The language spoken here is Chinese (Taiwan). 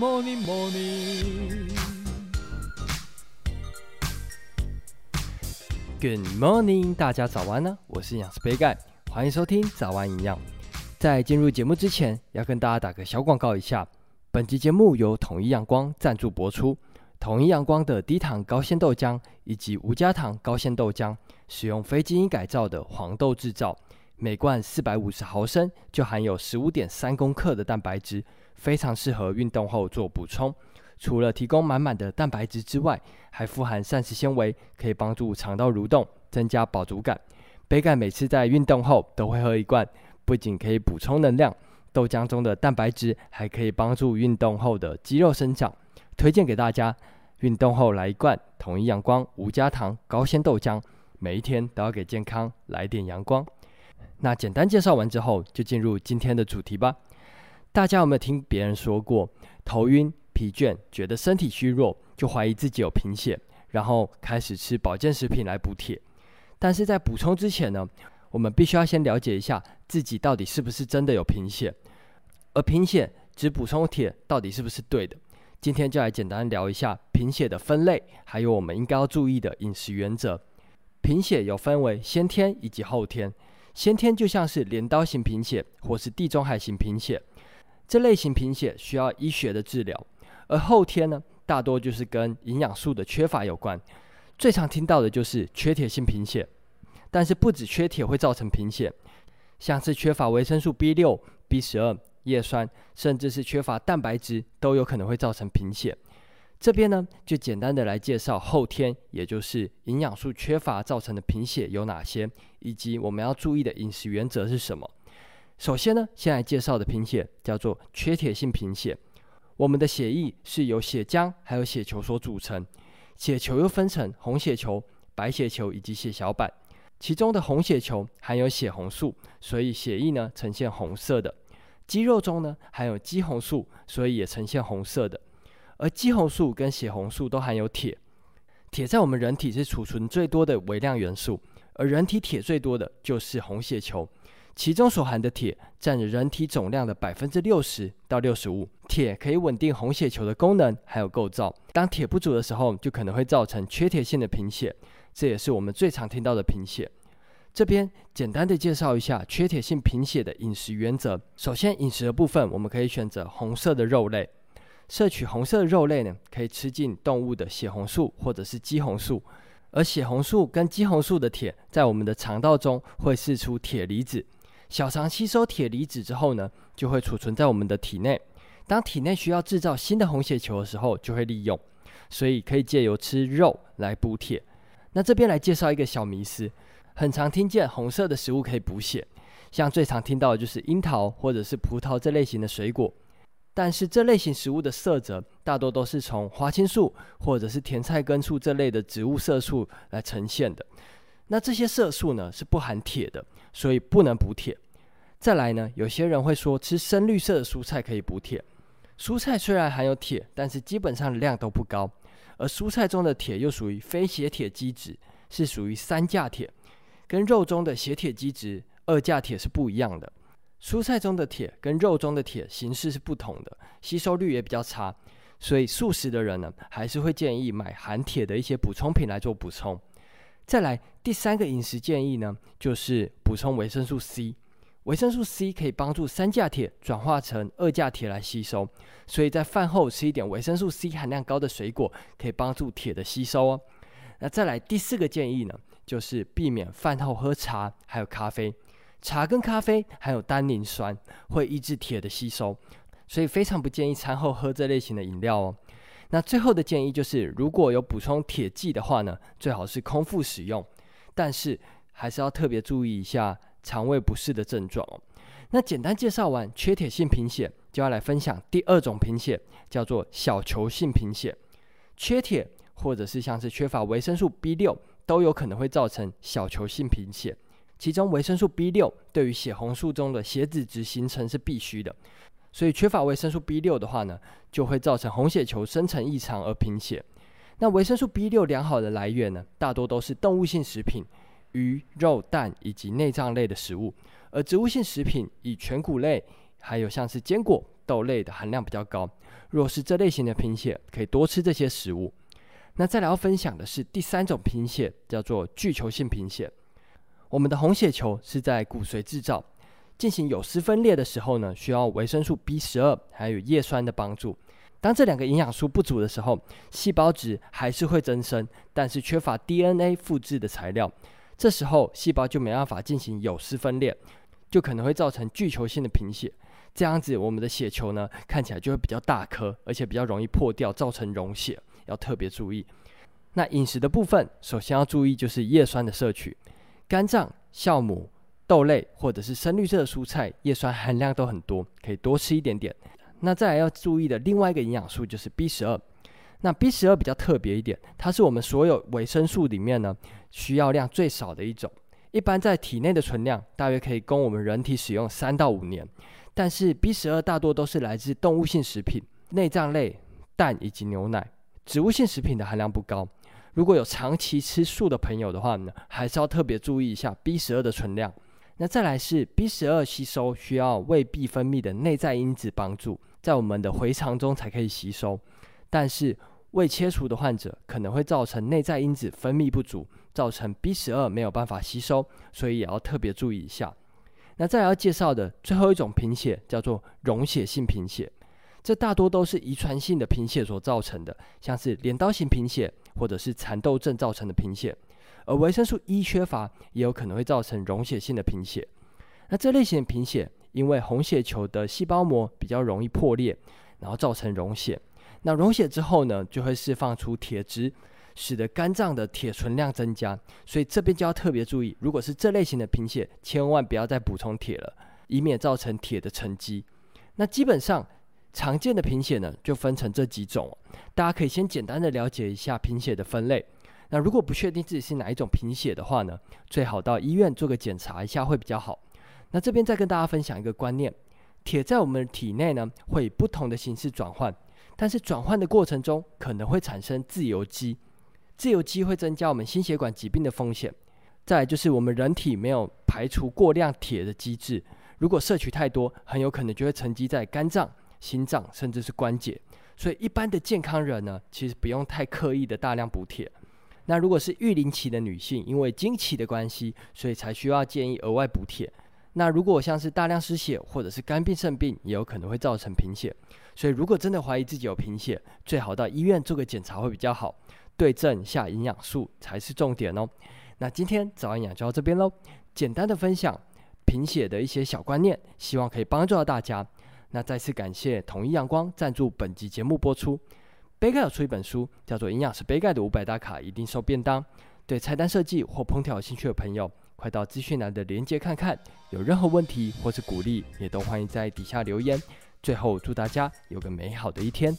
Morning, morning. Good morning，大家早安呢、啊！我是營養師杯蓋，歡迎收聽早安營養。在進入節目之前，要跟大家打個小廣告一下。本集節目由統一陽光贊助播出。統一陽光的低糖高纖豆漿以及無加糖高纖豆漿，使用非基因改造的黃豆製造，每罐四百五十毫升就含有十五點三公克的蛋白質。非常適合運動後做補充，除了提供滿滿的蛋白質之外，還富含膳食纖維，可以幫助腸道蠕動，增加飽足感。杯蓋每次在運動後都會喝一罐，不僅可以補充能量，豆漿中的蛋白質還可以幫助運動後的肌肉生長。推薦給大家，運動後來一罐統一陽光無加糖高纖豆漿，每一天都要給健康來點陽光。那簡單介紹完之後，就進入今天的主題吧。大家有沒有聽別人說過，頭暈、疲倦、覺得身體虛弱，就懷疑自己有貧血，然後開始吃保健食品來補鐵？但是在補充之前呢，我們必須要先了解一下自己到底是不是真的有貧血，而貧血只補充鐵到底是不是對的？今天就來簡單聊一下貧血的分類，還有我們應該要注意的飲食原則。貧血有分為先天以及後天，先天就像是鐮刀型貧血或是地中海型貧血。這類型貧血需要醫學的治療，而後天呢，大多就是跟營養素的缺乏有關。最常聽到的就是缺鐵性貧血，但是不止缺鐵會造成貧血，像是缺乏維生素 B 六、B 十二、葉酸，甚至是缺乏蛋白質，都有可能會造成貧血。這邊呢，就簡單的來介紹後天，也就是營養素缺乏造成的貧血有哪些，以及我們要注意的飲食原則是什麼。首先呢，先來介紹的貧血叫做缺鐵性貧血。我們的血液是由血漿還有血球所組成，血球又分成紅血球、白血球以及血小板。其中的紅血球含有血紅素，所以血液呢，呈現紅色的。肌肉中呢，含有肌紅素，所以也呈現紅色的。而肌紅素跟血紅素都含有鐵，鐵在我們人體是儲存最多的微量元素，而人體鐵最多的就是紅血球。其中所含的鐵占人體總量的百分之六十到六十五。鐵可以穩定紅血球的功能，還有構造。當鐵不足的時候，就可能會造成缺鐵性的貧血，這也是我們最常聽到的貧血。這邊簡單的介紹一下缺鐵性貧血的飲食原則。首先，飲食的部分，我們可以選擇紅色的肉類。攝取紅色的肉類呢，可以吃進動物的血紅素或者是肌紅素。而血紅素跟肌紅素的鐵，在我們的腸道中會釋出鐵離子。小腸吸收鐵離子之後呢，就會儲存在我們的體內。當體內需要制造新的紅血球的時候，就會利用。所以可以借由吃肉來補鐵。那這邊來介紹一個小迷思，很常聽見紅色的食物可以補血，像最常聽到的就是櫻桃或者是葡萄這類型的水果。但是這類型食物的色澤大多都是從花青素或者是甜菜根素這類的植物色素來呈現的。那這些色素呢，是不含鐵的，所以不能補鐵。再來呢，有些人會說吃深綠色的蔬菜可以補鐵。蔬菜雖然含有鐵，但是基本上的量都不高。而蔬菜中的鐵又屬於非血鐵基質，是屬於三價鐵，跟肉中的血鐵基質二價鐵是不一樣的。蔬菜中的鐵跟肉中的鐵形式是不同的，吸收率也比較差。所以素食的人呢，還是會建議買含鐵的一些補充品來做補充。再來第三個飲食建議呢，就是補充維生素 C。維生素 C 可以幫助三價鐵轉化成二價鐵來吸收，所以在飯後吃一點維生素 C 含量高的水果，可以幫助鐵的吸收哦。那再來第四個建議呢，就是避免飯後喝茶還有咖啡。茶跟咖啡含有單寧酸，會抑制鐵的吸收，所以非常不建議餐後喝這類型的飲料哦。那最後的建議就是，如果有補充鐵劑的話呢，最好是空腹使用，但是還是要特別注意一下腸胃不適的症狀哦。那簡單介紹完缺鐵性貧血，就要來分享第二種貧血，叫做小球性貧血。缺鐵或者是像是缺乏維生素 B 六，都有可能會造成小球性貧血。其中維生素 B 六對於血紅素中的血基質形成是必須的。所以缺乏維生素 B 六的話呢，就會造成紅血球生成異常而貧血。那維生素 B 六良好的來源呢，大多都是動物性食品，魚、肉、蛋以及內臟類的食物；而植物性食品以全穀類，還有像是堅果、豆類的含量比較高。若是這類型的貧血，可以多吃這些食物。那再來要分享的是第三種貧血，叫做巨球性貧血。我們的紅血球是在骨髓製造。進行有絲分裂的時候呢，需要維生素 B 十二，還有葉酸的幫助。當這兩個營養素不足的時候，細胞質還是會增生，但是缺乏 DNA 複製的材料，這時候細胞就沒辦法進行有絲分裂，就可能會造成巨球性的貧血。這樣子，我們的血球呢，看起來就會比較大顆，而且比較容易破掉，造成溶血，要特別注意。那飲食的部分，首先要注意就是葉酸的攝取，肝臟、酵母。豆類或者是深綠色的蔬菜，葉酸含量都很多，可以多吃一點點。那再來要注意的另外一個營養素就是 B 十二。那 B 十二比較特別一點，它是我們所有維生素裡面呢需要量最少的一種，一般在體內的存量大約可以供我們人體使用三到五年。但是 B 十二大多都是來自動物性食品、內臟類、蛋以及牛奶，植物性食品的含量不高。如果有長期吃素的朋友的話呢，還是要特別注意一下 B 十二的存量。那再來是 B 十二，吸收需要胃壁分泌的內在因子幫助，在我們的回腸中才可以吸收，但是胃切除的患者可能會造成內在因子分泌不足，造成 B 十二沒有辦法吸收，所以也要特別注意一下。那再來要介紹的最後一種貧血叫做溶血性貧血，這大多都是遺傳性的貧血所造成的，像是鐮刀型貧血或者是蠶豆症造成的貧血。而維生素 E 缺乏，也有可能會造成溶血性的貧血。那這類型的貧血，因為紅血球的細胞膜比較容易破裂，然後造成溶血。那溶血之後呢，就會釋放出鐵質，使得肝臟的鐵存量增加。所以這邊就要特別注意，如果是這類型的貧血，千萬不要再補充鐵了，以免造成鐵的沉積。那基本上常見的貧血呢，就分成這幾種。大家可以先簡單的了解一下貧血的分類。那如果不確定自己是哪一種貧血的話呢，最好到醫院做個檢查一下會比較好。那這邊再跟大家分享一個觀念：鐵在我們的體內呢，會以不同的形式轉換，但是轉換的過程中可能會產生自由基，自由基會增加我們心血管疾病的風險。再來就是我們人體沒有排除過量鐵的機制，如果攝取太多，很有可能就會沉積在肝臟、心臟甚至是關節。所以一般的健康人呢，其實不用太刻意的大量補鐵。那如果是育齡期的女性，因為經期的關係，所以才需要建議額外補鐵。那如果像是大量失血或者是肝病、腎病，也有可能會造成貧血。所以如果真的懷疑自己有貧血，最好到醫院做個檢查會比較好。對症下營養素才是重點哦。那今天早安養就到這邊嘍，簡單的分享貧血的一些小觀念，希望可以幫助到大家。那再次感謝統一陽光贊助本集節目播出。杯蓋要出一本書，叫做《營養師杯蓋的五百大卡一定瘦便當》，對菜單設計或烹調有興趣的朋友，快到資訊欄的連結看看。有任何問題或是鼓勵，也都歡迎在底下留言。最後，祝大家有個美好的一天。